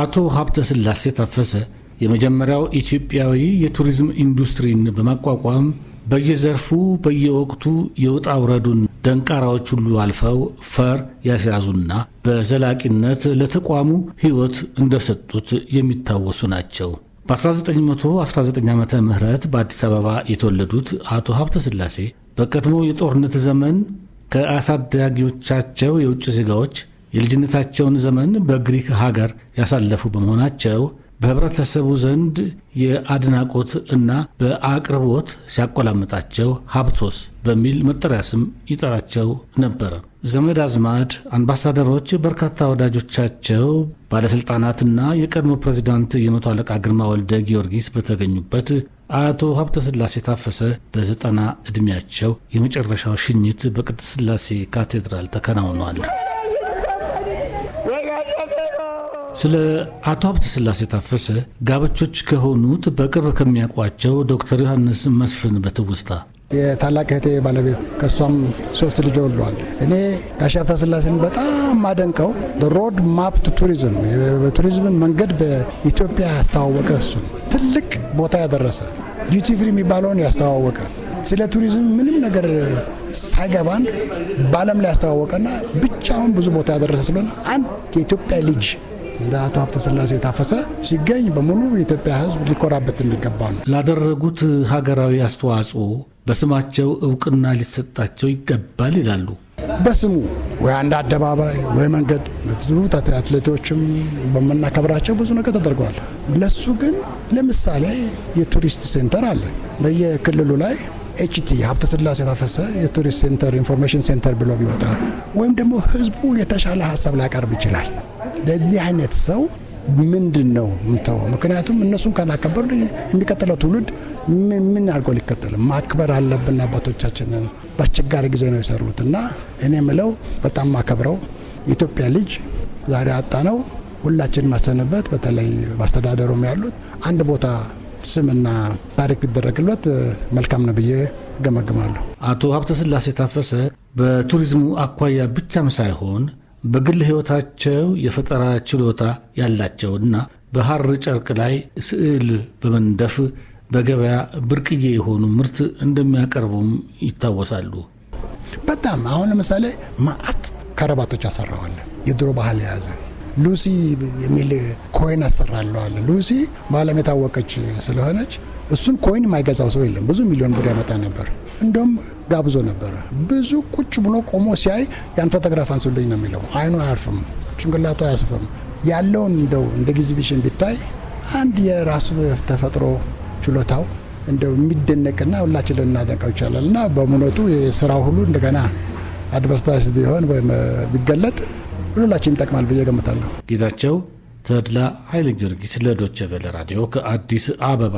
አቶ ሀብተ ስላሴ ታፈሰ የመጀመሪያው ኢትዮጵያዊ የቱሪዝም ኢንዱስትሪን በማቋቋም በየዘርፉ በየወቅቱ የውጣ ውረዱን ደንቃራዎች ሁሉ አልፈው ፈር ያስያዙና በዘላቂነት ለተቋሙ ሕይወት እንደሰጡት የሚታወሱ ናቸው። በ1919 ዓ ም በአዲስ አበባ የተወለዱት አቶ ሀብተ ስላሴ በቀድሞ የጦርነት ዘመን ከአሳዳጊዎቻቸው የውጭ ዜጋዎች የልጅነታቸውን ዘመን በግሪክ ሀገር ያሳለፉ በመሆናቸው በህብረተሰቡ ዘንድ የአድናቆት እና በአቅርቦት ሲያቆላምጣቸው ሀብቶስ በሚል መጠሪያ ስም ይጠራቸው ነበረ። ዘመድ አዝማድ፣ አምባሳደሮች፣ በርካታ ወዳጆቻቸው፣ ባለሥልጣናትና የቀድሞ ፕሬዚዳንት የመቶ አለቃ ግርማ ወልደ ጊዮርጊስ በተገኙበት አቶ ሀብተ ስላሴ ታፈሰ በዘጠና ዕድሜያቸው የመጨረሻው ሽኝት በቅድስት ስላሴ ካቴድራል ተከናውኗል። ስለ አቶ ሀብተ ስላሴ ታፈሰ ጋብቾች ከሆኑት በቅርብ ከሚያውቋቸው ዶክተር ዮሐንስ መስፍን በትውስታ የታላቅ እህቴ ባለቤት ከእሷም ሶስት ልጅ ወልደዋል። እኔ ጋሽ ሀብተ ስላሴን በጣም አደንቀው ሮድ ማፕ ቱ ቱሪዝም መንገድ በኢትዮጵያ ያስተዋወቀ እሱ ትልቅ ቦታ ያደረሰ ዲዩቲ ፍሪ የሚባለውን ያስተዋወቀ ስለ ቱሪዝም ምንም ነገር ሳይገባን በዓለም ላይ ያስተዋወቀና ብቻውን ብዙ ቦታ ያደረሰ ስለሆነ አንድ የኢትዮጵያ ልጅ እንደ አቶ ሀብተ ስላሴ የታፈሰ ሲገኝ በሙሉ የኢትዮጵያ ሕዝብ ሊኮራበት እንገባ ነው። ላደረጉት ሀገራዊ አስተዋጽኦ በስማቸው እውቅና ሊሰጣቸው ይገባል ይላሉ። በስሙ ወይ አንድ አደባባይ ወይ መንገድ ብዙ አትሌቶችም በምናከብራቸው ብዙ ነገር ተደርገዋል። ለሱ ግን ለምሳሌ የቱሪስት ሴንተር አለ በየክልሉ ላይ ኤችቲ ሀብተ ስላሴ ታፈሰ የቱሪስት ሴንተር ኢንፎርሜሽን ሴንተር ብሎ ቢወጣ ወይም ደግሞ ህዝቡ የተሻለ ሀሳብ ሊያቀርብ ይችላል። ለዚህ አይነት ሰው ምንድን ነው ምተው? ምክንያቱም እነሱን ካላከበር የሚቀጥለው ትውልድ ምን አድርጎ ሊከተል? ማክበር አለብን። አባቶቻችንን በአስቸጋሪ ጊዜ ነው የሰሩት እና እኔ ምለው በጣም ማከብረው የኢትዮጵያ ልጅ ዛሬ አጣ ነው። ሁላችን ማሰንበት በተለይ በአስተዳደሩም ያሉት አንድ ቦታ ስምና ታሪክ ቢደረግለት መልካም ነው ብዬ እገመግማለሁ። አቶ ሀብተ ስላሴ ታፈሰ በቱሪዝሙ አኳያ ብቻም ሳይሆን በግል ሕይወታቸው የፈጠራ ችሎታ ያላቸውና በሐር ጨርቅ ላይ ስዕል በመንደፍ በገበያ ብርቅዬ የሆኑ ምርት እንደሚያቀርቡም ይታወሳሉ። በጣም አሁን ለምሳሌ ማአት ከረባቶች አሰራዋለን የድሮ ባህል የያዘ ሉሲ የሚል ኮይን አሰራለዋለ። ሉሲ በዓለም የታወቀች ስለሆነች እሱን ኮይን የማይገዛው ሰው የለም። ብዙ ሚሊዮን ብር ያመጣ ነበር። እንደውም ጋብዞ ነበረ። ብዙ ቁጭ ብሎ ቆሞ ሲያይ ያን ፎቶግራፍ አንሱልኝ ነው የሚለው። አይኑ አያርፍም፣ ጭንቅላቱ አያስፍም። ያለውን እንደው እንደ ኤግዚቢሽን ቢታይ አንድ የራሱ ተፈጥሮ ችሎታው እንደው የሚደነቅና ሁላችን ልናደንቀው ይቻላል እና በእውነቱ የስራው ሁሉ እንደገና አድቨርታይዝ ቢሆን ወይም ቢገለጥ ሁላችንም ይጠቅማል ብዬ ገምታለሁ። ጌታቸው ተድላ ኃይለ ጊዮርጊስ ለዶቸ ራዲዮ ከአዲስ አበባ